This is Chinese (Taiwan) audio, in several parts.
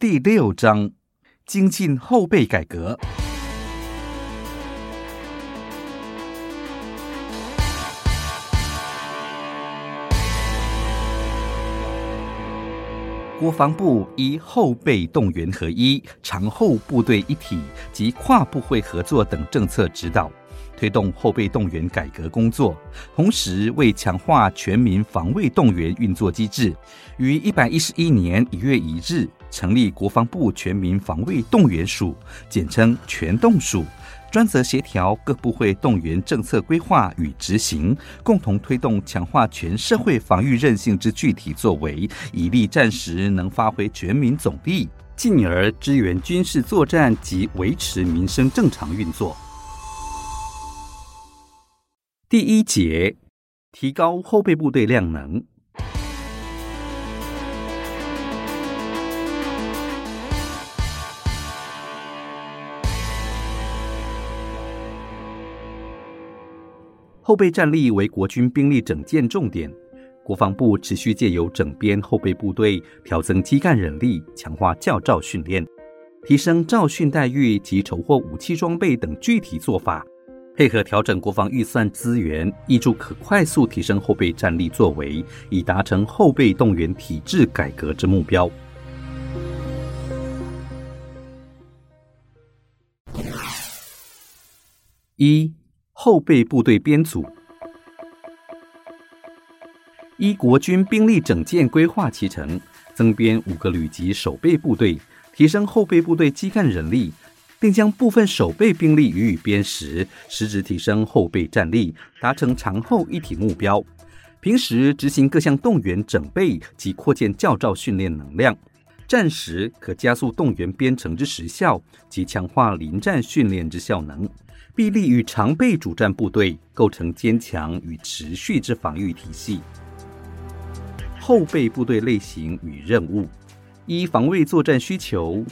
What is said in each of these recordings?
第六章，精進後備改革。國防部依後備動員合一、常後部隊一體及跨部會合作等政策指導，推動後備動員改革工作。同時，為強化全民防衛動員運作機制，於一百一十一年一月一日，成立國防部全民防衛動員署，簡稱全動署，專責協調各部會動員政策規劃與執行，共同推動強化全社會防禦韌性之具體作為，以利戰時能發揮全民總力，進而支援軍事作戰及維持民生正常運作。第一節，提高後備部隊量能。後備戰力為國軍兵力整建重點，國防部持續借由整編後備部隊、調增基幹人力、強化教召訓練、提升召訓待遇及籌獲武器裝備等具體做法，配合調整國防預算資源，挹注可快速提升後備戰力作為，以達成後備動員體制改革之目標。一、後備部隊編組，依國軍兵力整建規劃期程，增編五個旅級守備部隊，提升後備部隊基幹人力，並將部分守備兵力予以編實，實質提升後備戰力，達成常後一體目標。平時執行各項動員整備及擴建教召訓練能量，戰時可加速動員編成之時效及強化臨戰訓練之效能。臂力，與常備主戰部隊構成堅強與持續之防禦體系。後備部隊類型與任務。依防衛作戰需求，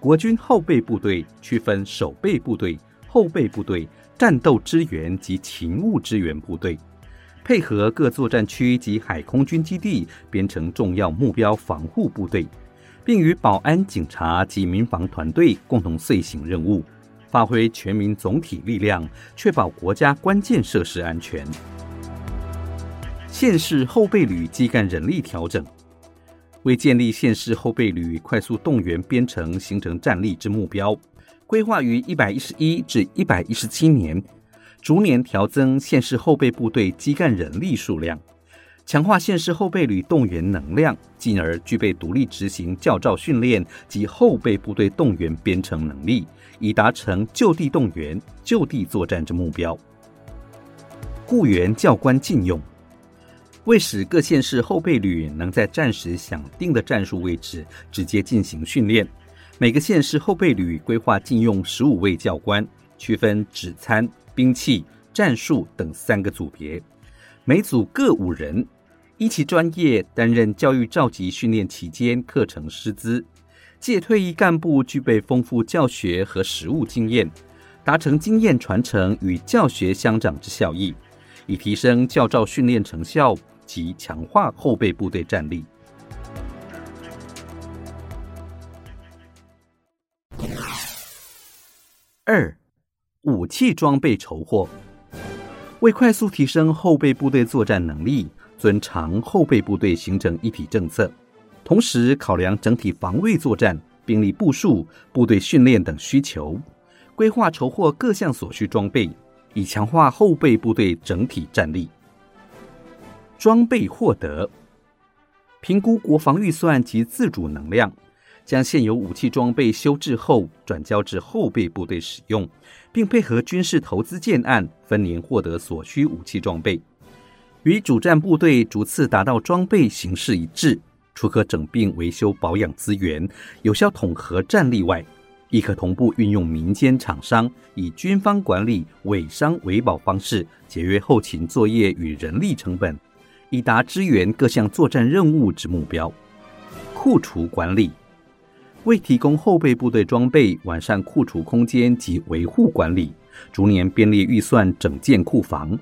國軍後備部隊區分守備部隊、後備部隊、戰鬥支援及勤務支援部隊，配合各作戰區及海空軍基地編成重要目標防護部隊，並與保安警察及民防團隊共同遂行任務。發揮全民總體力量，確保國家關鍵設施安全。縣市後備旅基幹人力調整，為建立縣市後備旅快速動員、編成形成戰力之目標，規劃於一百一十一至一百一十七年，逐年調增縣市後備部隊基幹人力數量。強化縣市後備旅動員能量，進而具備獨立執行教召訓練及後備部隊動員編成能力，以達成就地動員、就地作戰之目標。僱員教官進用，為使各縣市後備旅能在戰時想定的戰術位置直接進行訓練，每個縣市後備旅規劃進用十五位教官，區分指參、兵器、戰術等三個組別。每組各五人，依其專業擔任教育召集訓練期間課程師資，借退役幹部具備豐富教學和實務經驗，達成經驗傳承與教學相長之效益，以提升教召訓練成效及強化後備部隊戰力。二，武器裝備籌獲。為快速提升後備部隊作戰能力，遵常後備部隊形成一體政策，同時考量整體防衛作戰、兵力部署、部隊訓練等需求，規劃籌獲各項所需裝備，以強化後備部隊整體戰力。裝備獲得，評估國防預算及自主能量，將現有武器裝備修制後轉交至後備部隊使用，並配合軍事投資建案，分年獲得所需武器裝備，與主戰部隊逐次達到裝備形式一致。除可整併維修保養資源，有效統合戰力外，亦可同步運用民間廠商以軍方管理委商維保方式，節約後勤作業與人力成本，以達支援各項作戰任務之目標。庫存管理。為提供後備部隊裝備，完善庫儲空間及維護管理，逐年編列預算整建庫房，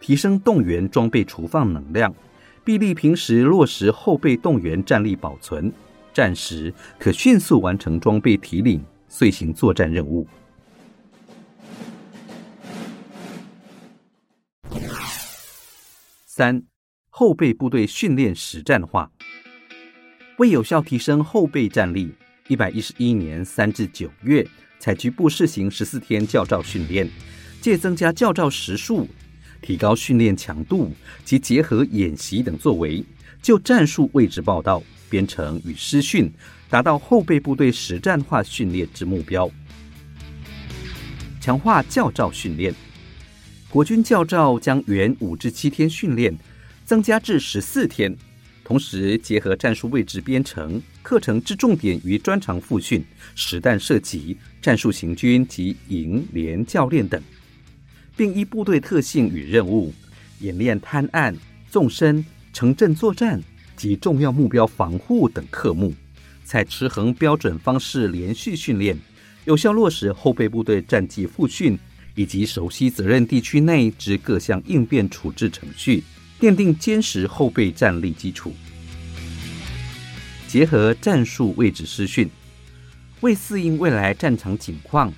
提升動員裝備儲放能量，俾利平時落實後備動員戰力保存，戰時可迅速完成裝備提領，遂行作戰任務。三、後備部隊訓練實戰化，為有效提升後備戰力。一百一十一年三至九月，採局部試行十四天教召訓練，藉增加教召時數，提高訓練強度及結合演習等作為，就戰術位置報道、編程與師訓，達到後備部隊實戰化訓練之目標。強化教召訓練，國軍教召將原五至七天訓練增加至十四天。同時結合戰術位置編程課程之重點與專長復訓、實彈射擊、戰術行軍及營連教練等，並依部隊特性與任務演練灘岸縱深、城鎮作戰及重要目標防護等科目，採持恆標準方式連續訓練，有效落實後備部隊戰技復訓以及熟悉責任地區內之各項應變處置程序。奠定堅實後備戰力基礎，結合戰術位置施訓，為適應未來戰場情況，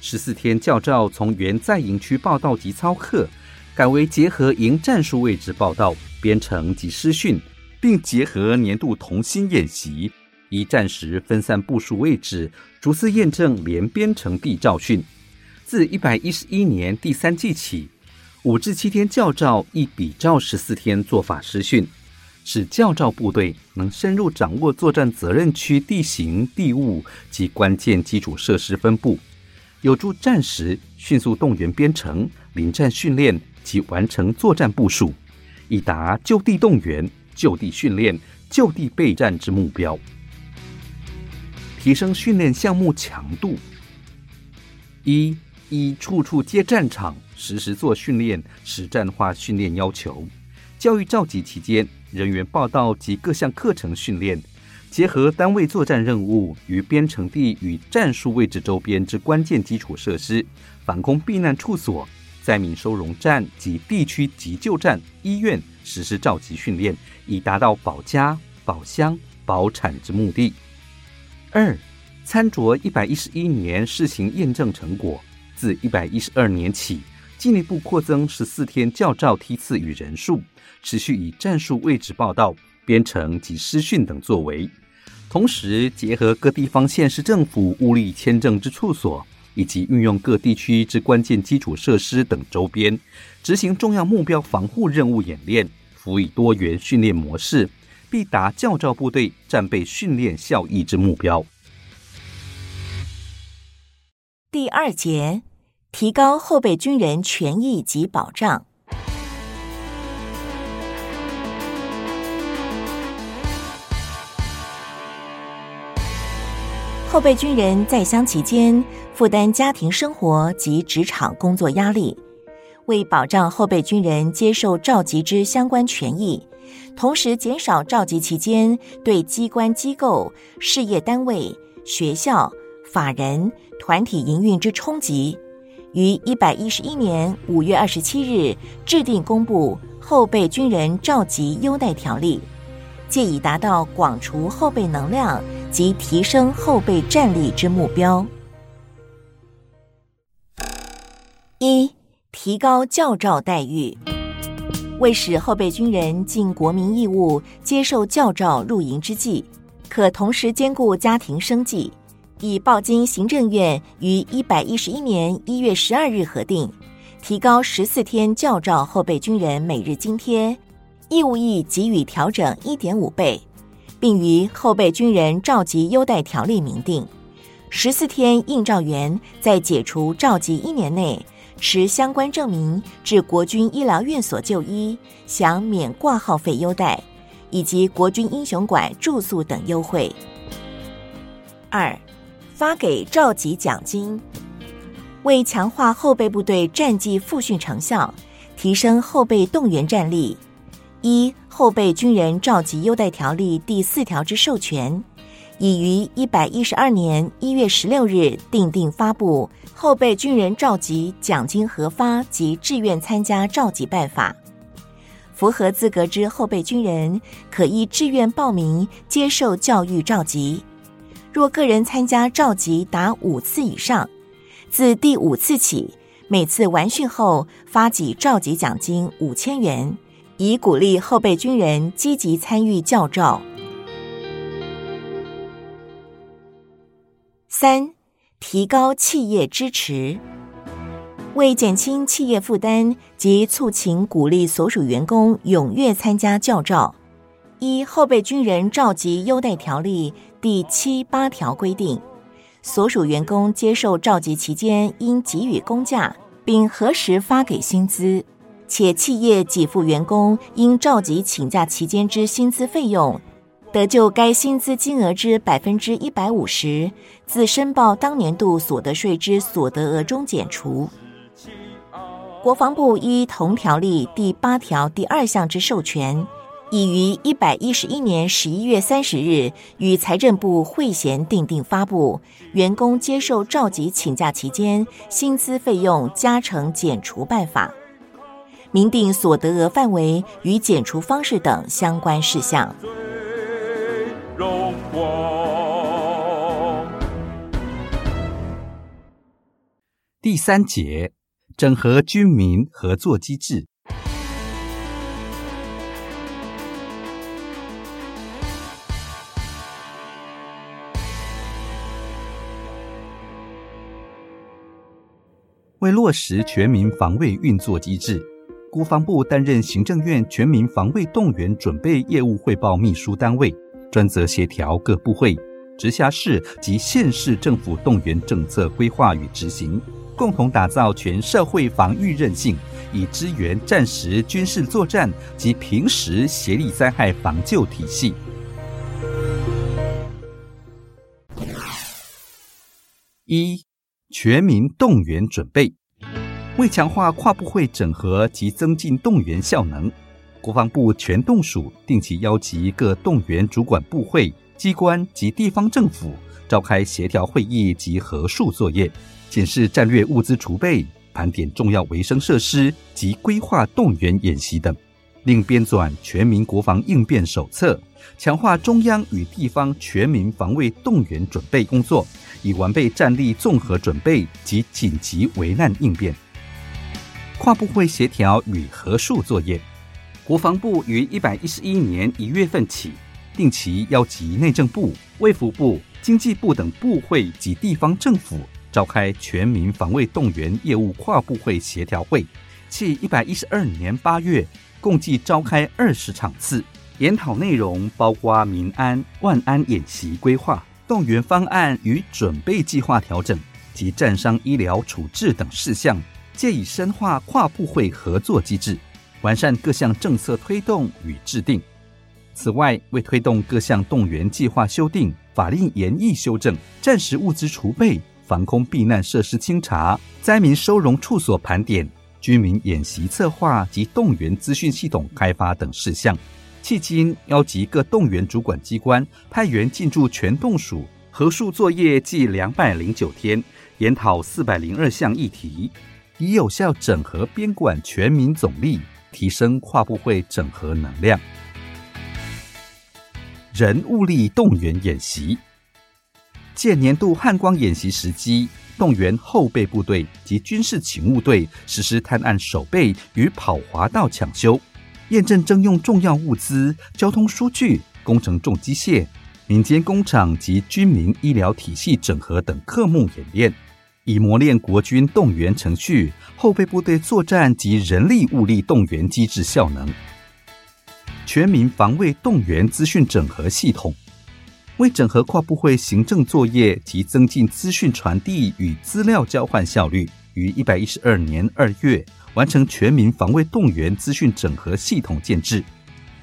十四天教召從原在營區報到及操課，改為結合營戰術位置報到、編程及施訓，並結合年度同心演習，以戰時分散部署位置逐次驗證連編程地召訓。自一百一十一年第三季起。五至七天教召一，比照十四天做法施訓，使教召部隊能深入掌握作戰責任區地形地物及關鍵基礎設施分布，有助戰時迅速動員編成、臨戰訓練及完成作戰部署，以達就地動員、就地訓練、就地備戰之目標。提升訓練項目強度，一一處處皆戰場。實時做訓練，實戰化訓練要求；教育召集期間，人員報到及各項課程訓練，結合單位作戰任務與編成地與戰術位置周邊之關鍵基礎設施、防空避難處所、災民收容站及地區急救站、醫院實施召集訓練，以達到保家、保鄉、保產之目的。二，參酌一百一十一年試行驗證成果，自一百一十二年起。進一步擴增十四天教召梯次與人數，持續以戰術位置報道、編程及施訓等作為，同時結合各地方縣市政府物力簽證之處所，以及運用各地區之關鍵基礎設施等周邊，執行重要目標防護任務演練，輔以多元訓練模式，必達教召部隊戰備訓練效益之目標。第二節。提高後備軍人權益及保障。後備軍人在鄉期間，負擔家庭生活及職場工作壓力，為保障後備軍人接受召集之相關權益，同時減少召集期間對機關機構、事業單位、學校、法人、團體營運之衝擊。於一百一十一年五月二十七日制定公布《後備軍人召集優待條例》，借以達到廣除後備能量及提升後備戰力之目標。一、提高教召待遇，為使後備軍人盡國民義務，接受教召入營之際，可同時兼顧家庭生計。已報經行政院於一百一十一年一月十二日核定，提高十四天教召後備軍人每日津貼，義務役給予調整一點五倍，並於《後備軍人召集優待條例》明定，十四天應召員在解除召集一年內，持相關證明至國軍醫療院所就醫，享免掛號費優待，以及國軍英雄館住宿等優惠。二。發給召集獎金，為強化後備部隊戰績複訓成效，提升後備動員戰力，一、《後備軍人召集優待條例》第四條之授權，已於一百一十二年一月十六日訂定發布《後備軍人召集獎金核發及志願參加召集辦法》。符合資格之後備軍人，可依志願報名接受教育召集。若個人參加召集達五次以上，自第五次起，每次完訓後發起召集獎金五千元，以鼓勵後備軍人積極參與教召。三、提高企業支持，為減輕企業負擔及促請鼓勵所屬員工踴躍參加教召。一、後備軍人召集優待條例。第七八條規定，所屬員工接受召集期間應給予公假，並何時發給薪資，且企業給付員工因召集請假期間之薪資費用，得就該薪資金額之百分之一百五十，自申報當年度所得稅之所得額中減除。國防部依同條例第八條第二項之授權。已於一百一十一年十一月三十日與財政部會銜訂定發布《員工接受召集請假期間薪資費用加成減除辦法》，明定所得額範圍與減除方式等相關事項。第三節，整合軍民合作機制。為落實全民防衛運作機制，國防部擔任行政院全民防衛動員準備業務彙報秘書單位，專責協調各部會、直轄市及縣市政府動員政策規劃與執行，共同打造全社會防禦韌性，以支援戰時軍事作戰及平時協力災害防救體系。一。全民動員準備，為強化跨部會整合及增進動員效能，國防部全動署定期邀集各動員主管部會、機關及地方政府，召開協調會議及核數作業，檢視戰略物資儲備、盤點重要維生設施及規劃動員演習等。並編纂《全民國防應變手冊》，強化中央與地方全民防衛動員準備工作，以完備戰力綜合準備及緊急危難應變。跨部會協調與合署作業，國防部於一百一十一年一月份起定期邀集內政部、衛福部、經濟部等部會及地方政府，召開全民防衛動員業務跨部會協調會。至一百一十二年八月。共計召開二十場次，研討內容包括民安、萬安演習規劃、動員方案與準備計劃調整及戰傷醫療處置等事項，借以深化跨部會合作機制，完善各項政策推動與制定。此外，為推動各項動員計劃修訂、法令研議修正、戰時物資儲備、防空避難設施清查、災民收容處所盤點。居民演習策劃及動員資訊系統開發等事項，迄今邀集各動員主管機關派員進駐全動署，合署作業計兩百零九天，研討四百零二項議題，以有效整合編管全民總力，提升跨部會整合能量。人、物力動員演習，借年度漢光演習時機。動員後備部隊及軍事勤務隊實施探案守備與跑滑道搶修，驗證徵用重要物資、交通輸具、工程重機械、民間工廠及軍民醫療體系整合等科目演練，以磨練國軍動員程序、後備部隊作戰及人力物力動員機制效能。全民防衛動員資訊整合系統。為整合跨部會行政作業及增進資訊傳遞與資料交換效率，於一百一十二年二月完成全民防衛動員資訊整合系統建置，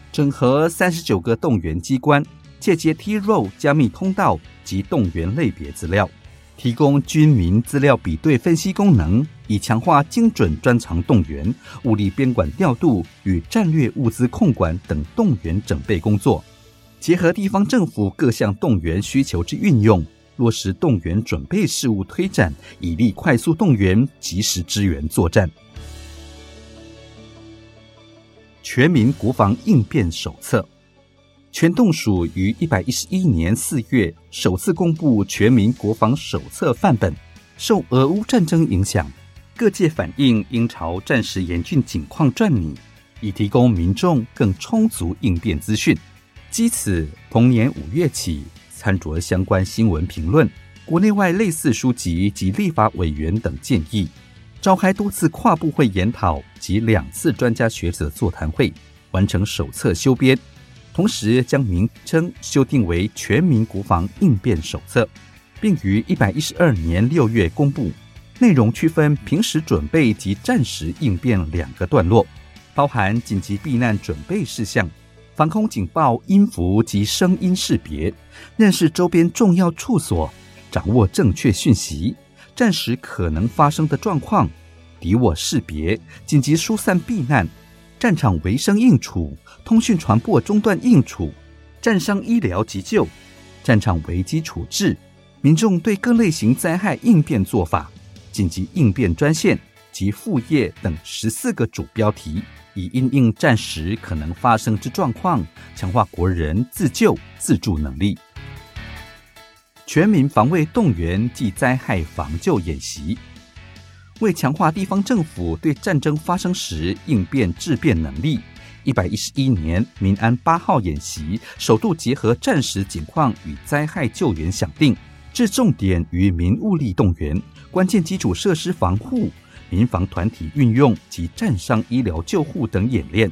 整合三十九個動員機關，藉接 T-Road 加密通道及動員類別資料，提供軍民資料比對分析功能，以強化精準專長動員、物力編管調度與戰略物資控管等動員準備工作。結合地方政府各項動員需求之運用，落實動員準備事務推展，以利快速動員、及時支援作戰。全民國防應變手冊，全動署於一百一十一年四月首次公布全民國防手冊範本。受俄烏戰爭影響，各界反映應朝戰時嚴峻境況撰擬，以提供民眾更充足應變資訊。基此，同年五月起，參酌相關新聞評論、國內外類似書籍及立法委員等建議，召開多次跨部會研討及兩次專家學者座談會，完成手冊修編，同時將名稱修訂為《全民國防應變手冊》，並於一百一十二年六月公布。內容區分平時準備及戰時應變兩個段落，包含緊急避難準備事項。防空警報音符及聲音識別，認識周邊重要處所，掌握正確訊息，戰時可能發生的狀況，敵我識別，緊急疏散避難，戰場維生應處，通訊傳播中斷應處，戰傷醫療急救，戰場危機處置，民眾對各類型災害應變做法，緊急應變專線及副業等十四個主標題。以因應戰時可能發生之狀況，強化國人自救自助能力。全民防衛動員暨災害防救演習，為強化地方政府對戰爭發生時應變制變能力，一百一十一年民安八號演習首度結合戰時情況與災害救援想定，置重點於民物力動員、關鍵基礎設施防護。民防團體運用及戰傷醫療救護等演練，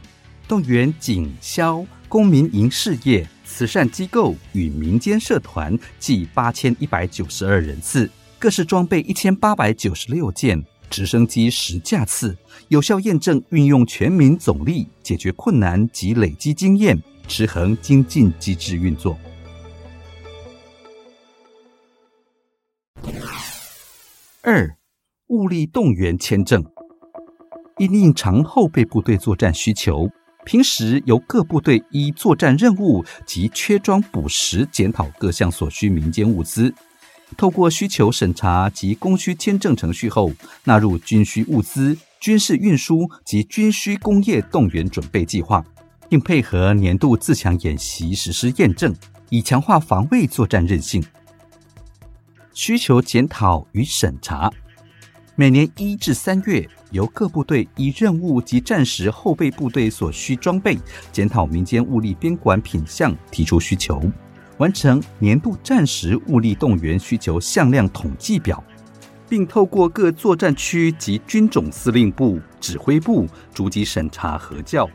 動員警消、公民營事業、慈善機構與民間社團計八千一百九十二人次，各式裝備一千八百九十六件，直升機十架次，有效驗證運用全民總力解決困難及累積經驗，持恆精進機制運作。二。物力動員簽證，以應常後備部隊作戰需求。平時由各部隊依作戰任務及缺裝補實檢討各項所需民間物資，透過需求審查及供需簽證程序後，納入軍需物資、軍事運輸及軍需工業動員準備計劃，並配合年度自強演習實施驗證，以強化防衛作戰韌性。需求檢討與審查。每年一至三月，由各部隊以任務及戰時後備部隊所需裝備，檢討民間物力編管品項，提出需求，完成年度戰時物力動員需求向量統計表，並透過各作戰區及軍種司令部、指揮部逐級審查核教，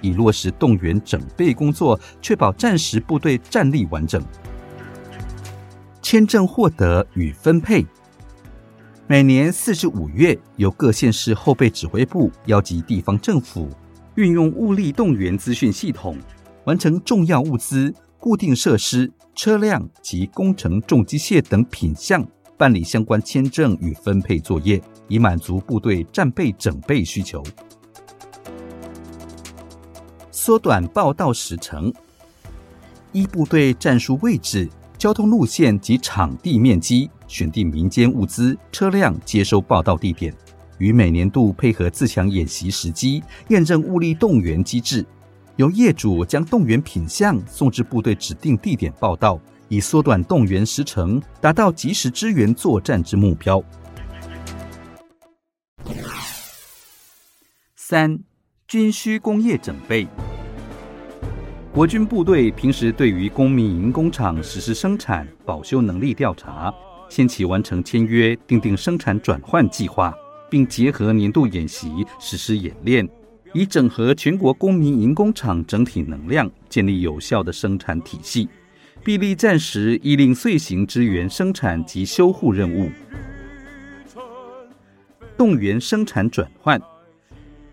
以落實動員整備工作，確保戰時部隊戰力完整。簽證獲得與分配。每年四至五月，由各縣市後備指揮部邀集地方政府，運用物力動員資訊系統，完成重要物資、固定設施、車輛及工程重機械等品項辦理相關簽證與分配作業，以滿足部隊戰備整備需求，縮短報到時程。一、部隊戰術位置、交通路線及場地面積。選定民間物資車輛接收報到地點，於每年度配合自強演習時機驗證物力動員機制，由業主將動員品項送至部隊指定地點報到，以縮短動員時程，達到及時支援作戰之目標。三、軍需工業整備。國軍部隊平時對於公民營工廠實施生產保修能力調查。先期完成簽約，訂定生產轉換計劃，並結合年度演習實施演練，以整合全國公民營工廠整體能量，建立有效的生產體系。俾利戰時依令遂行支援生產及修護任務，動員生產轉換，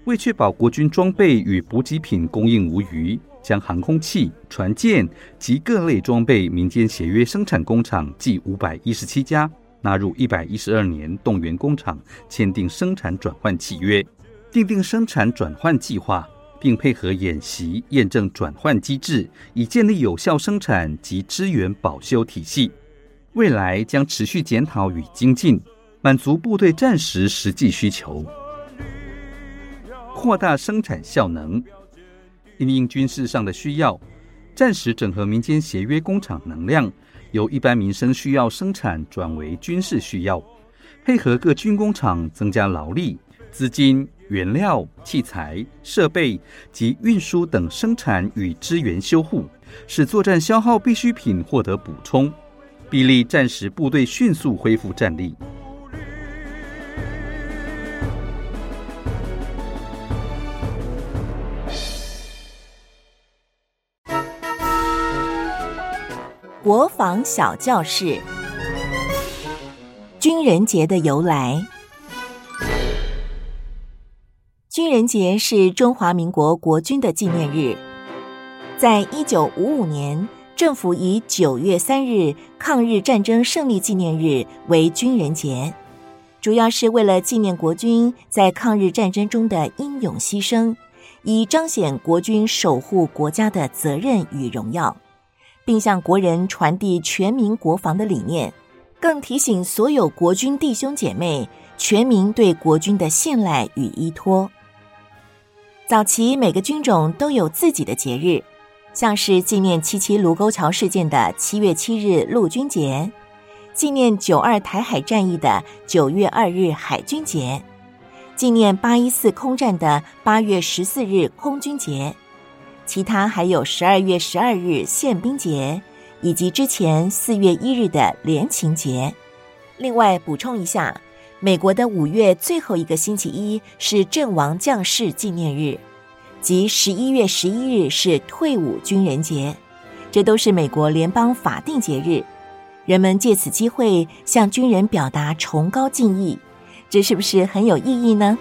為確保國軍裝備與補給品供應無虞。將航空器、船艦及各類裝備民間協約生產工廠即五百一十七家納入一百一十二年動員工廠，簽訂生產轉換契約，訂定生產轉換計劃，並配合演習驗證轉換機制，以建立有效生產及資源保修體系。未來將持續檢討與精進，滿足部隊戰時實際需求，擴大生產效能。因應軍事上的需要，戰時整合民間協約工廠能量，由一般民生需要生產轉為軍事需要，配合各軍工廠增加勞力、資金、原料、器材、設備及運輸等生產與支援修護，使作戰消耗必需品獲得補充，俾利戰時部隊迅速恢復戰力。國防小教室，軍人節的由來。軍人節是中華民國國軍的紀念日，在一九五五年，政府以九月三日抗日戰爭勝利紀念日為軍人節，主要是為了紀念國軍在抗日戰爭中的英勇犧牲，以彰顯國軍守護國家的責任與榮耀。並向國人傳遞全民國防的理念，更提醒所有國軍弟兄姐妹，全民對國軍的信賴與依托。早期每個軍種都有自己的節日，像是紀念七七盧溝橋事件的七月七日陸軍節，紀念九二台海戰役的九月二日海軍節，紀念八一四空戰的八月十四日空軍節。其他還有十二月十二日憲兵節，以及之前四月一日的聯勤節。另外補充一下，美國的五月最後一個星期一是陣亡將士紀念日，即十一月十一日是退伍軍人節，這都是美國聯邦法定節日。人們借此機會向軍人表達崇高敬意，這是不是很有意義呢？